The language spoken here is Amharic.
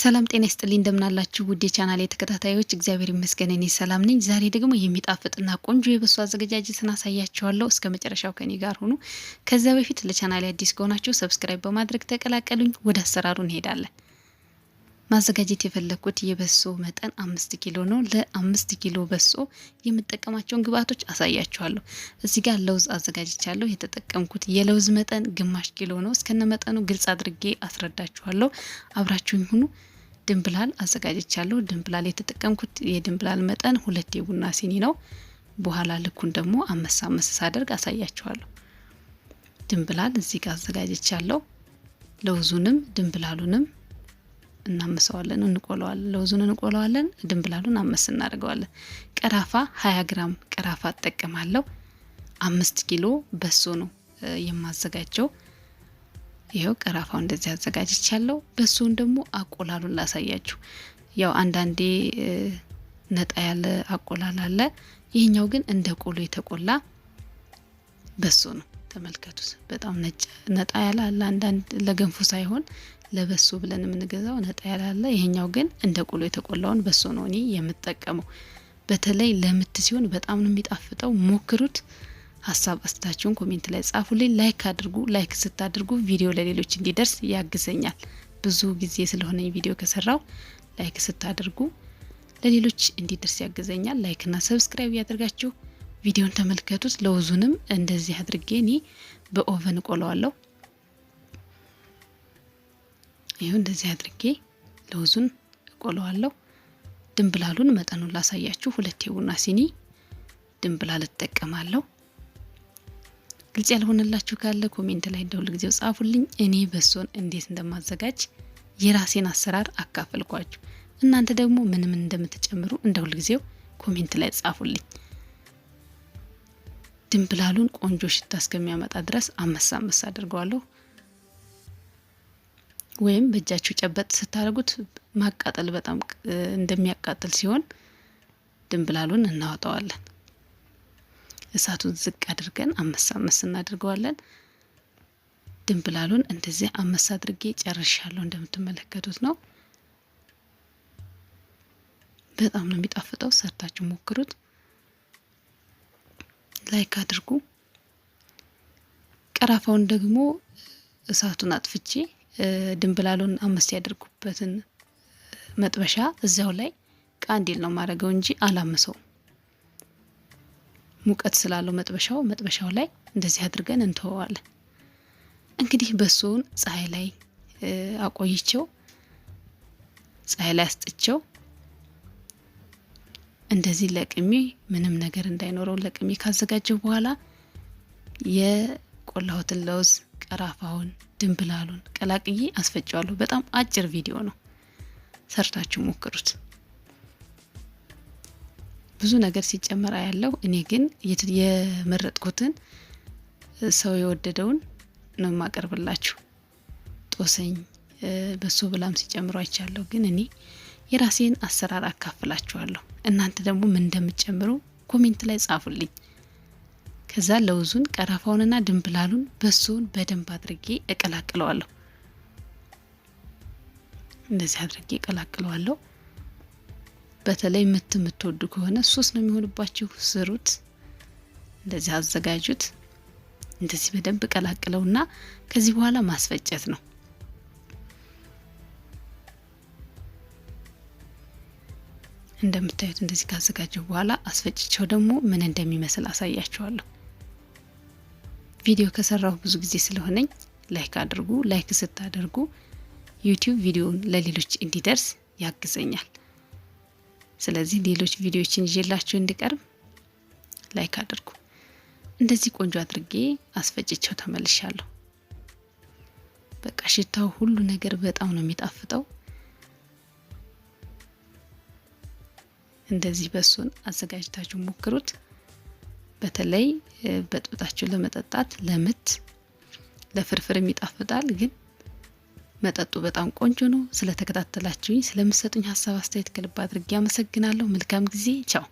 ሰላም ጤና ይስጥልኝ። እንደምናላችሁ ውድ የቻናል የተከታታዮች፣ እግዚአብሔር ይመስገን እኔ ሰላም ነኝ። ዛሬ ደግሞ የሚጣፍጥና ቆንጆ የበሶ አዘገጃጀትን አሳያችኋለሁ። እስከ መጨረሻው ከኔ ጋር ሁኑ። ከዚያ በፊት ለቻናል አዲስ ከሆናችሁ ሰብስክራይብ በማድረግ ተቀላቀሉኝ። ወደ አሰራሩ እንሄዳለን። ማዘጋጀት የፈለግኩት የበሶ መጠን አምስት ኪሎ ነው። ለአምስት ኪሎ በሶ የምጠቀማቸውን ግብአቶች አሳያችኋለሁ። እዚህ ጋር ለውዝ አዘጋጅቻለሁ። የተጠቀምኩት የለውዝ መጠን ግማሽ ኪሎ ነው። እስከነ መጠኑ ግልጽ አድርጌ አስረዳችኋለሁ። አብራችሁኝ ሁኑ። ድንብላል አዘጋጅቻለሁ። ድንብላል የተጠቀምኩት የድንብላል መጠን ሁለት የቡና ሲኒ ነው። በኋላ ልኩን ደግሞ አመሳ አመሳ ሳደርግ አሳያችኋለሁ። ድንብላል እዚህ ጋር አዘጋጅቻለሁ። ለውዙንም ድንብላሉንም እናመሰዋለን፣ እንቆለዋለን። ለውዙን እንቆለዋለን፣ ድንብላሉን አመስ እናደርገዋለን። ቀራፋ ሀያ ግራም ቀራፋ እጠቀማለሁ። አምስት ኪሎ በሶ ነው የማዘጋጀው። ይኸው ቀራፋው እንደዚህ አዘጋጅቻለሁ። በሶን ደግሞ አቆላሉን ላሳያችሁ። ያው አንዳንዴ ነጣ ያለ አቆላል አለ። ይህኛው ግን እንደ ቆሎ የተቆላ በሶ ነው። ተመልከቱት። በጣም ነጣ ያለ አለ። አንዳንድ ለገንፎ ሳይሆን ለበሶ ብለን የምንገዛው ነጣ ያለ አለ። ይሄኛው ግን እንደ ቆሎ የተቆላውን በሶ ነው እኔ የምጠቀመው። በተለይ ለምት ሲሆን በጣም ነው የሚጣፍጠው። ሞክሩት። ሀሳብ አስተታችሁን ኮሜንት ላይ ጻፉልኝ። ላይክ አድርጉ። ላይክ ስታድርጉ ቪዲዮ ለሌሎች እንዲደርስ ያግዘኛል። ብዙ ጊዜ ስለሆነኝ ቪዲዮ ከሰራው ላይክ ስታደርጉ ለሌሎች እንዲደርስ ያግዘኛል። ላይክና ሰብስክራይብ ያደርጋችሁ ቪዲዮን ተመልከቱት። ለውዙንም እንደዚህ አድርጌ እኔ በኦቨን ቆለዋለሁ። ይኸው እንደዚህ አድርጌ ለውዙን ቆለዋለሁ። ድንብላሉን መጠኑን ላሳያችሁ። ሁለት የቡና ሲኒ ድንብላል እጠቀማለሁ። ግልጽ ያልሆነላችሁ ካለ ኮሜንት ላይ እንደ ጊዜው ጻፉልኝ። እኔ በሶን እንዴት እንደማዘጋጅ የራሴን አሰራር አካፈልኳችሁ። እናንተ ደግሞ ምንምን እንደምትጨምሩ እንደ ጊዜው ኮሜንት ላይ ጻፉልኝ። ድንብላሉን ቆንጆ ሽታ እስከሚያመጣ ድረስ አመሳ አመሳ አድርገዋለሁ። ወይም በእጃችሁ ጨበጥ ስታደርጉት ማቃጠል በጣም እንደሚያቃጥል ሲሆን ድንብላሉን እናወጣዋለን። እሳቱን ዝቅ አድርገን አመሳ አመስ እናድርገዋለን። ድንብላሉን እንደዚህ አመሳ አድርጌ ጨርሻለሁ። እንደምትመለከቱት ነው። በጣም ነው የሚጣፍጠው። ሰርታችሁ ሞክሩት። ላይክ አድርጉ። ቀራፋውን ደግሞ እሳቱን አጥፍቼ ድንብላሉን አምስት ያደርጉበትን መጥበሻ እዚያው ላይ ቃንዴል ነው ማድረገው እንጂ አላምሰው። ሙቀት ስላለው መጥበሻው መጥበሻው ላይ እንደዚህ አድርገን እንተወዋለን። እንግዲህ በሱን ፀሐይ ላይ አቆይቸው፣ ፀሐይ ላይ አስጥቸው እንደዚህ ለቅሜ ምንም ነገር እንዳይኖረው ለቅሜ ካዘጋጀው በኋላ የቆላሁትን ለውዝ ቀራፋውን፣ ድንብላሉን ቀላቅዬ አስፈጨዋለሁ። በጣም አጭር ቪዲዮ ነው፣ ሰርታችሁ ሞክሩት። ብዙ ነገር ሲጨመር ያለው እኔ ግን የመረጥኩትን ሰው የወደደውን ነው የማቀርብላችሁ። ጦሰኝ በሶ ብላም ሲጨምሩ አይቻለሁ፣ ግን እኔ የራሴን አሰራር አካፍላችኋለሁ። እናንተ ደግሞ ምን እንደምትጨምሩ ኮሜንት ላይ ጻፉልኝ። ከዛ ለውዙን ቀረፋውንና ድንብላሉን በሶውን በደንብ አድርጌ እቀላቅለዋለሁ። እንደዚህ አድርጌ እቀላቅለዋለሁ። በተለይ ምት የምትወዱ ከሆነ ሶስት ነው የሚሆንባችሁ፣ ስሩት። እንደዚህ አዘጋጁት። እንደዚህ በደንብ እቀላቅለውና ከዚህ በኋላ ማስፈጨት ነው። እንደምታዩት እንደዚህ ካዘጋጀው በኋላ አስፈጭቸው ደግሞ ምን እንደሚመስል አሳያችኋለሁ። ቪዲዮ ከሰራሁ ብዙ ጊዜ ስለሆነኝ ላይክ አድርጉ። ላይክ ስታደርጉ ዩቲዩብ ቪዲዮውን ለሌሎች እንዲደርስ ያግዘኛል። ስለዚህ ሌሎች ቪዲዮዎችን ይዤላችሁ እንዲቀርብ ላይክ አድርጉ። እንደዚህ ቆንጆ አድርጌ አስፈጭቸው ተመልሻለሁ። በቃ ሽታው ሁሉ ነገር በጣም ነው የሚጣፍጠው። እንደዚህ በሱን አዘጋጅታችሁ ሞክሩት። በተለይ በጥብጣችሁ ለመጠጣት ለምት ለፍርፍርም ይጣፍጣል። ግን መጠጡ በጣም ቆንጆ ነው። ስለተከታተላችሁኝ ስለምሰጡኝ ሀሳብ አስተያየት ከልብ አድርጌ አመሰግናለሁ። መልካም ጊዜ። ቻው